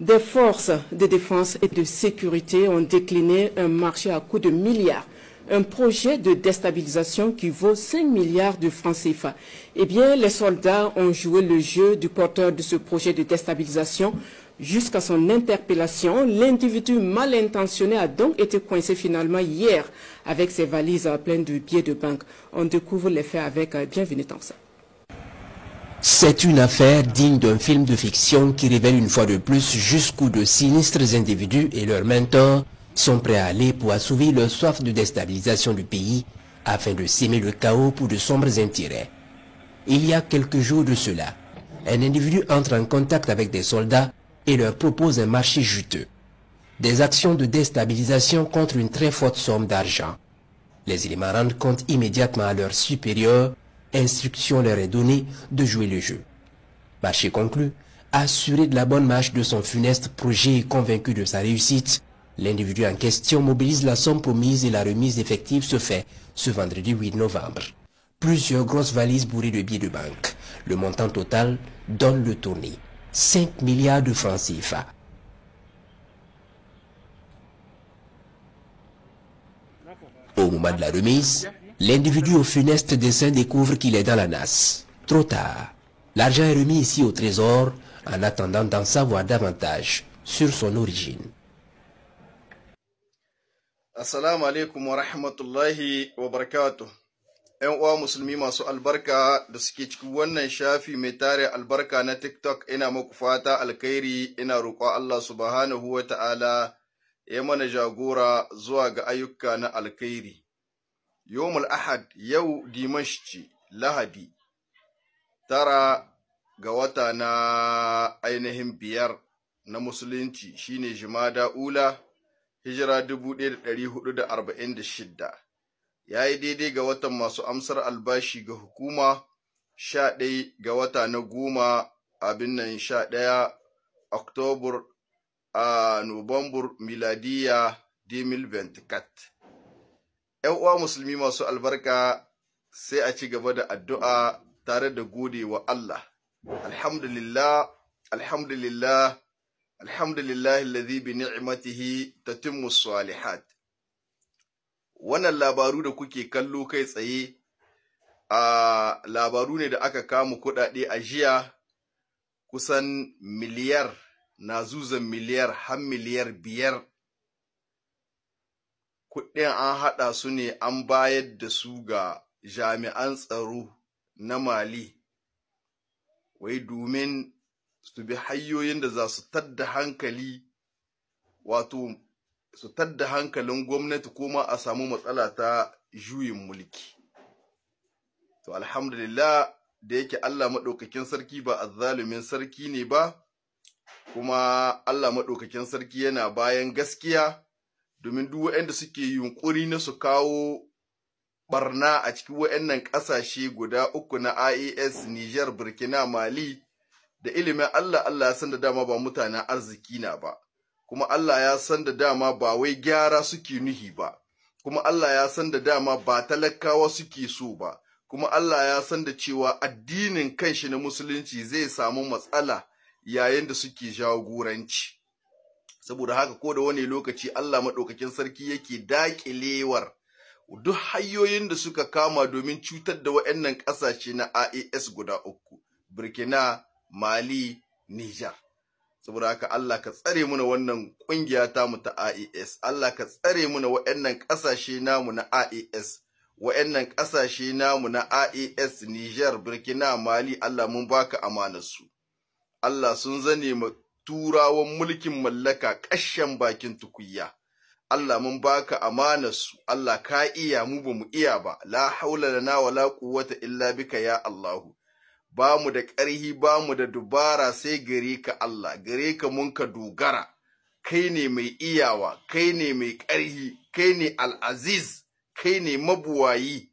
Des forces de défense et de sécurité ont décliné un marché à coût de milliards un projet de déstabilisation qui vaut 5 milliards de francs CFA. Eh bien, les soldats ont joué le jeu du porteur de ce projet de déstabilisation jusqu'à son interpellation. L'individu mal intentionné a donc été coincé finalement hier avec ses valises pleines de billets de banque. On découvre les faits avec euh, Bienvenue ça. C'est une affaire digne d'un film de fiction qui révèle une fois de plus jusqu'où de sinistres individus et leurs mentors sont prêts à aller pour assouvir leur soif de déstabilisation du pays afin de semer le chaos pour de sombres intérêts. Il y a quelques jours de cela, un individu entre en contact avec des soldats et leur propose un marché juteux. Des actions de déstabilisation contre une très forte somme d'argent. Les éléments rendent compte immédiatement à leurs supérieurs Instruction leur est donnée de jouer le jeu. Marché conclu, assuré de la bonne marche de son funeste projet et convaincu de sa réussite, l'individu en question mobilise la somme promise et la remise effective se fait ce vendredi 8 novembre. Plusieurs grosses valises bourrées de billets de banque. Le montant total donne le tournis. 5 milliards de francs CFA. Au moment de la remise, L'individu au funeste dessin découvre qu'il est dans la nasse. Trop tard. L'argent est remis ici au trésor en attendant d'en savoir davantage sur son origine. Assalamu alaikum wa rahmatullahi wa barakatuh. En wa musulmima masu al da suke cikin wannan shafi mai al albarka na TikTok ina muku fata alkhairi ina roƙo Allah subhanahu wa ta'ala ya mana jagora zuwa ga ayyuka na alkhairi. yomul ahad yau dimashci lahadi tara ga wata na ainihin biyar na musulunci shine jimada ula hijira dubu ɗaya da da hudu arba'in shidda, ya yi daidai ga watan masu amsar albashi ga hukuma sha ɗaya ga wata na goma abin nan sha ɗaya oktobar a nobambar miladiya 2024 ‘yan uwa musulmi masu albarka sai a ci gaba da addu'a tare da gode wa Allah. Alhamdulillah, alhamdulillah, alhamdulillah alladhi bi ni'matihi tatimmu salihat. Wannan labaru da kuke kallo kai tsaye a labaru ne da aka kama kuɗaɗe a jiya kusan miliyar na zuzan miliyar har miliyar biyar kuɗin an haɗa su ne an bayar da su ga jami'an tsaro na Mali, wai domin su bi hanyoyin da za su tadda hankali wato su tadda hankalin gwamnati kuma a samu matsala ta juyin mulki. To alhamdulillah da yake Allah maɗaukakin sarki ba a azzalumin sarki ne ba, kuma Allah maɗaukakin sarki yana bayan gaskiya. domin duk waɗanda suke yunƙuri na su kawo barna a cikin waɗannan ƙasashe guda uku na IAS, Niger, Burkina, Mali da ilimin Allah Allah ya san da dama ba mutanen arziki na ba, kuma Allah ya san da dama ba wai gyara suke nuhi ba, kuma Allah ya san da dama ba talakawa suke so ba, kuma Allah ya san da cewa addinin kanshi na musulunci zai samu matsala yayin da suke jagoranci. saboda haka ko da wani lokaci Allah maɗaukakin sarki yake daƙilewar duk hanyoyin da suka kama domin cutar da waɗannan ƙasashe na AES guda uku Burkina Mali Niger saboda haka Allah ka tsare muna wannan ƙungiya ta mu ta AES Allah ka tsare muna waɗannan ƙasashe namu na AES waɗannan ƙasashe namu na AES Niger Burkina Mali Allah mun baka amanar su Allah sun zane turawan mulkin mallaka ƙashen bakin tukuyya. Allah mun baka su, Allah ka iya mu ba mu iya ba, la haula lana wa la quwwata illa bika ya Allahu. Ba mu da ƙarhi ba mu da dubara sai gare ka Allah, gare ka mun ka dogara. Kai ne mai iyawa, kai ne mai ƙarhi, kai ne al'aziz, kai ne mabuwayi.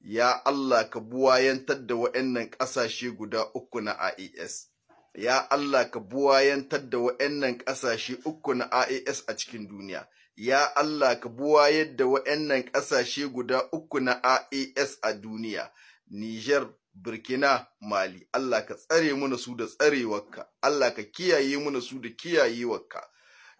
Ya Allah ka buwayantar da wa'annan ƙasashe guda uku na AES. ya Allah ka buwayantar da wa'annan ƙasashe uku na A.A.S a cikin duniya. Ya Allah ka buwayar da wa'annan ƙasashe guda uku na A.A.S a duniya, Niger, Burkina, Mali. Allah ka tsare mana su da tsarewarka, Allah ka kiyaye mana su da kiyayewarka.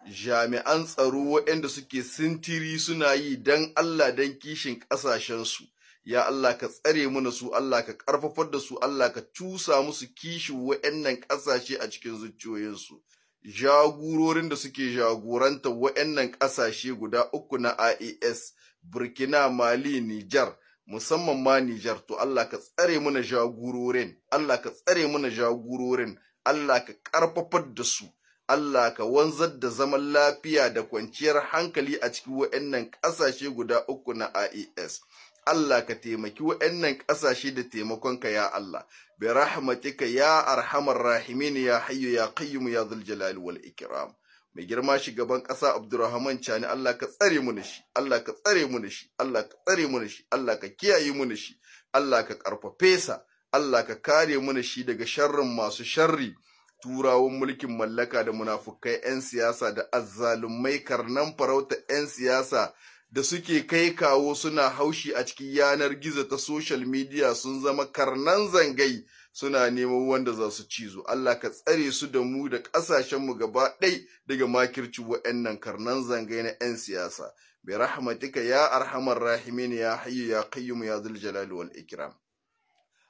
Jami'an tsaro waɗanda suke sintiri suna yi don Allah don kishin ƙasashensu. ya Allah ka tsare mana su Allah ka ƙarfafar da su Allah ka cusa musu kishin wa'annan ƙasashe a cikin zuciyoyinsu jagurorin da suke jagoranta wa'annan ƙasashe guda uku na IAS Burkina Mali Nijar musamman ma Nijar to Allah ka tsare mana jagurorin Allah ka tsare mana jagurorin Allah ka ƙarfafar da su Allah ka wanzar da zaman lafiya da kwanciyar hankali a cikin wa'annan ƙasashe guda uku na IAS Allah ka taimaki waɗannan ƙasashe da taimakonka ya Allah bi rahmatika ya arhamar rahimin ya hayyu ya qayyimu ya dhul jalali wal ikram mai girma shugaban ƙasa Abdurrahman Cani Allah ka tsare mu shi Allah ka tsare mu shi Allah ka tsare mu shi Allah ka kiyaye mu shi Allah ka karfafe sa Allah ka kare mu shi daga sharrin masu sharri turawan mulkin mallaka da munafukai 'yan siyasa da azzalumai karnan farauta 'yan siyasa da suke kai kawo suna haushi a cikin yanar gizo ta social media sun zama karnan zangai suna neman wanda za su cizo Allah ka tsare su da mu da ƙasashenmu gaba ɗai daga makirci wa'annan karnan zangai na 'yan siyasa bi rahmatika ya arhamar rahimin ya hayyu ya qayyum ya zul jalali wal ikram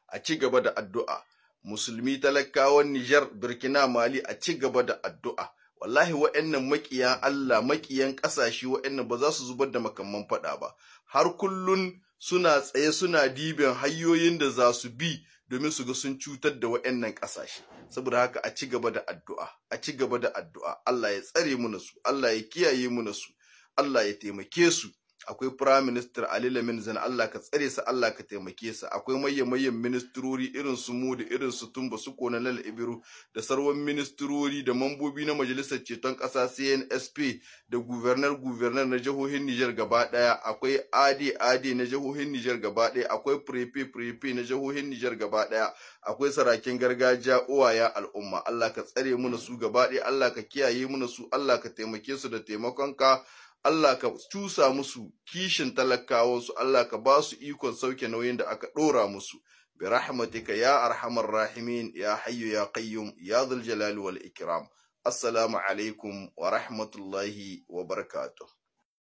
a ci gaba da addu'a musulmi talakawan Nijar, Burkina Mali a ci gaba da addu'a wallahi wa'annan makiyan Allah makiyan ƙasashe wa'annan ba za su zubar da makamman faɗa ba har kullun suna tsaye suna dibin hanyoyin da za su bi domin su ga sun cutar da wa'annan ƙasashe saboda haka a ci gaba da addu'a a ci gaba da addu'a Allah ya tsare mu na su Allah ya kiyaye mu na su Allah ya taimake su akwai prime minister Ali Lamin Zan Allah ka tsare su Allah ka taimake su akwai mayyamayyan ministrori irin su mu da irin su Tumba su Kona Lal Ibiru da sarwan ministrori da mambobi na majalisar ceton kasa CNSP da guvernar guvernar na jihohin Niger gaba daya akwai Ade Ade na jihohin Niger gaba daya akwai Prepe Prepe na jihohin Niger gaba daya akwai sarakin gargajiya uwaya al'umma Allah ka tsare mu su gaba daya Allah ka kiyaye mu su Allah ka taimake su da taimakon ka Allah ka cusa musu kishin talakawansu Allah ka ba su ikon sauke nauyin da aka ɗora musu bi rahmatika ya arhamar rahimin ya hayyu ya qayyum ya dhul wal ikram assalamu alaikum wa rahmatullahi wa barakatuh